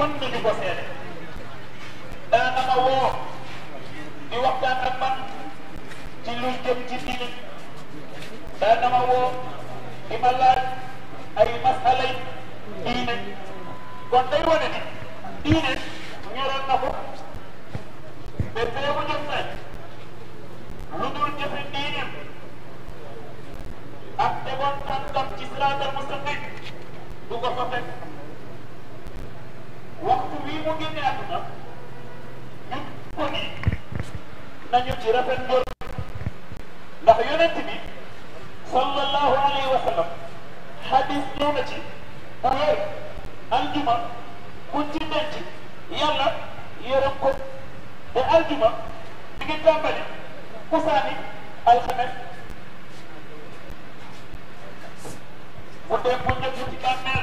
mën na ñu ko seede daana ma woo di waxtaan ak man ci lu jëm ci diine daana ma di ma laaj ay masalay diine kon day wane ni diine ñoroon na ko mais bee bu lu dul jëfe diine ak tegoon tànkam ci siraatal mustaqim du ko fa fekk waxtu bii mu génne àdduna ñu ko ni nañu ci rafet njor ndax yonent bi sallallahu alayhi wa xadis ñëw ci bu wér aljuma ku ci denc yàlla ko te aljuma di ngi tàmbali kusaani alxames bu dee bu njëkk ci bàmmeel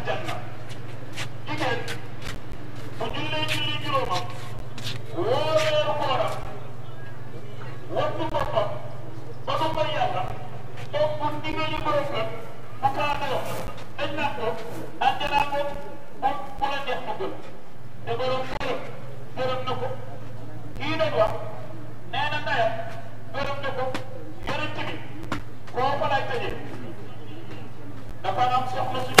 nit bu jullee julli juróomam woo weeru kooram wattu boppam ba mu may yàlla topp ndigalu borom kër bu kaatoo dañ naan ko àjjanaa ko bu bu la neex mu gën te borom këram gërëm na ko kii dañ wax nee na ndayam gërëm na ko yonent bi koo fa laay tëjee dafa am soxla su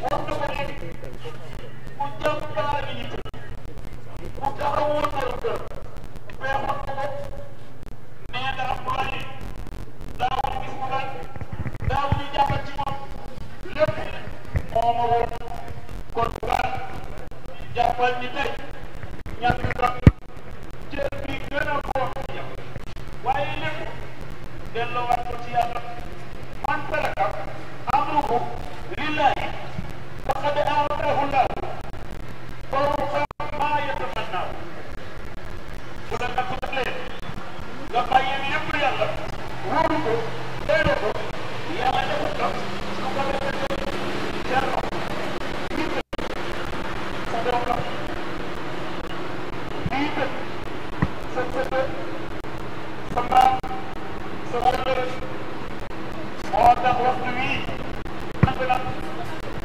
war na ko nekk ku jàmbaar yi ku taxawoon na ko weexoon na ko daawul gis mu daawul ñu jàppal ci moom lépp moo ma woon kon tey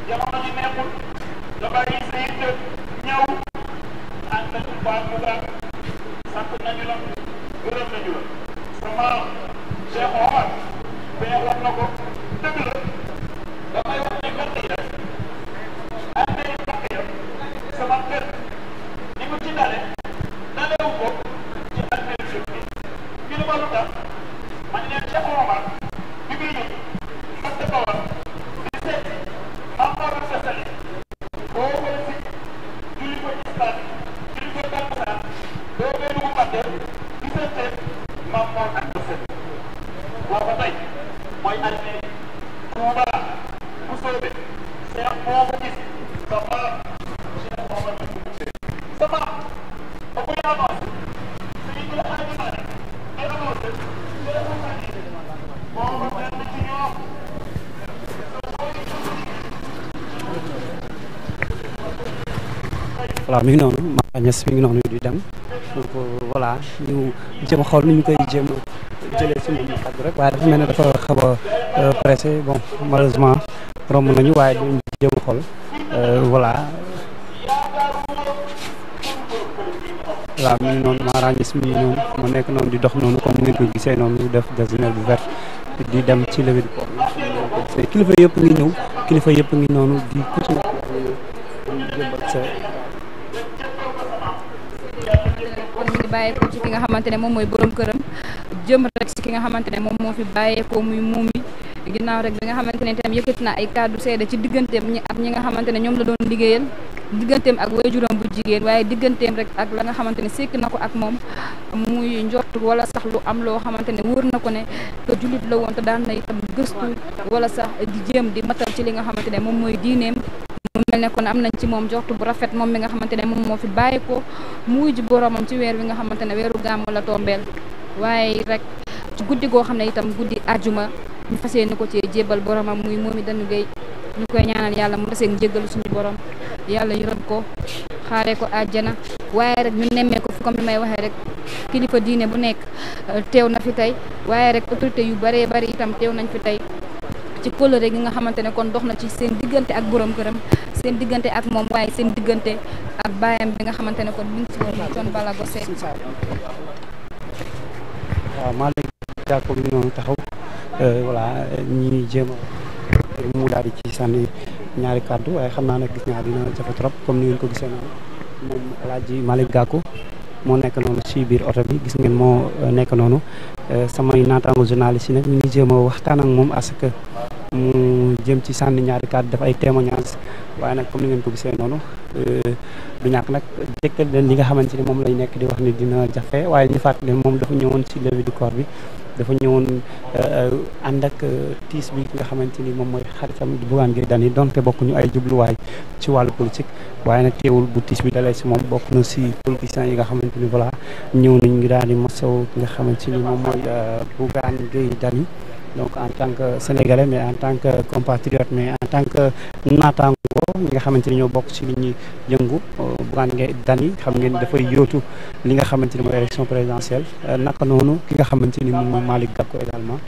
jamono ji nekkul nga bàyyi sa yitte ñëw ànd ak baax bu baax sant nañu la gërëm nañu la sama Cheikh Omar bee wax na ko dëgg la voilà mi ngi noonu Mara Niass mi ngi noonu di dem donc euh, voilà ñu jéem a waaye dafa mel ne dafa xaw a euh, pressé bon malheureusement waaye dinañ jéem a xool euh, voilà. voilà ngi noonu Mara Niass mi ngi noonu ma nekk noonu di dox noonu comme ngeen ko gisee noonu def gazinière bu vert di dem ci levée kilifa yëpp ngi ñëw kilifa yëpp ngi noonu di ku ci nekk di jëmbat di bàyyee ko ci ki nga xamante ne moom mooy borom këram jëm rek ci ki nga xamante ne moom moo fi bàyyee ko muy muumi ginnaaw rek bi nga xamante ne itam yëkkati na ay kàddu seede ci digganteem ñi ak ñi nga xamante ne ñoom la doon liggéeyal digganteem ak waajuram bu jigéen waaye digganteem rek ak la nga xamante ne sekk na ko ak moom muy njort wala sax lu am loo xamante ne wóor na ko ne que jullit la woon te daan na itam gëstu wala sax di jéem di matal ci li nga xamante ne moom mooy diineem ne kon am nañ ci moom joxtu bu rafet moom mi nga xamante ne moom moo fi bàyyi ko mu wuyu ji boroomam ci weer wi nga xamante ne weeru gàmm la tombeel waaye rek guddi goo xam ne itam guddi ajuma ñu fas yéene ko ci jébbal boromam muy moom i dañu gay ñu koy ñaanal yàlla mu deseeg njéggal suñu borom yàlla yërëm ko xaaree ko àjjana waaye rek ñu nemmee ko fi comme li may waxee rek kilifa diine bu nekk euh, teew na fi tey waaye rek autorité yu bëree bëri itam teew nañ fi tey ci kóllëre gi nga xamante ne kon dox na ci seen diggante ak borom këram seen diggante ak moom waaye seen diggante ak baayam bi nga xamante ne kon mi ngi maa ngi lay taxaw euh, voilà ñi jéem a mu daal di ci sànni ñaari kàddu waaye xam naa nag gis naa dina jafe comme ni ngeen ko gisee noonu moom moo nekk noonu ci biir oto bi gis ngeen moo euh, nekk noonu euh, samay naataango journaliste yi nag ñu ngi jéem a waxtaan ak moom parce que mu jëm ci sànni ñaari kàddu def ay témoignages waaye nag comme ni ngeen ko gisee noonu euh, du ñàkk nag jëkkal leen li nga xamante ni moom lañ nekk di wax ni dina jafe waaye ñu fàttali dafa ñëwoon ci levée du bi dafa ñëwoon euh, euh, ànd ak tiis bi nga xamante ni moom mooy xaritam Bougane Gueye Dany donte bokkuñu ay jubluwaay ci wàllu politique waaye nag teewul bu tiis bi dalee si moom bokk na si politiciens yi nga xamante ni voilà ñëw nañ ngi daal di mosaw ki nga xamante ni moom mooy Bougane Gueye Dany donc en tant que sénégalais mais en tant que compatriote mais en tant que naataango ñi nga xamante ni ñoo bokk ci li ñu yëngu euh, Bougane Gueye Dany xam ngeen dafay yóotu li nga xamante ni mooy élection présidentielle euh, naka noonu ki nga xamante ni moom mooy Malick Gakou également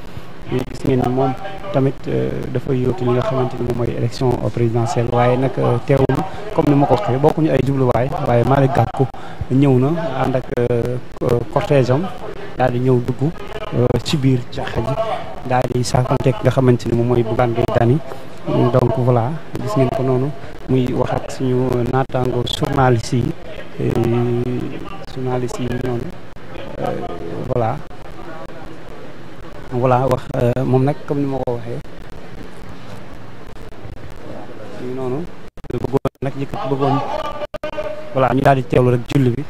gis ngeen ni moom tamit euh, dafa yóotu nga xamante ni moom mooy élection présidentielle waaye nag teewul comme ni ma ko waxee bokkuñu ay jubluwaay waaye Malick Gakou ñëw na ànd ak cortège am daal di ñëw dugg ci biir jàkka ji daal di sànqanteeg nga xamante ni moom mooy Bougane Gueye Dany donc voilà gis ngeen ko noonu muy wax ak suñu naataango journaliste yi euh, journaliste yi noonu euh, voilà voilà wax euh, moom nag comme ni ma ko waxee ñu noonu bëggoon nag yëkkati bëggoon voilà ñu daal di teewlu rek julli bi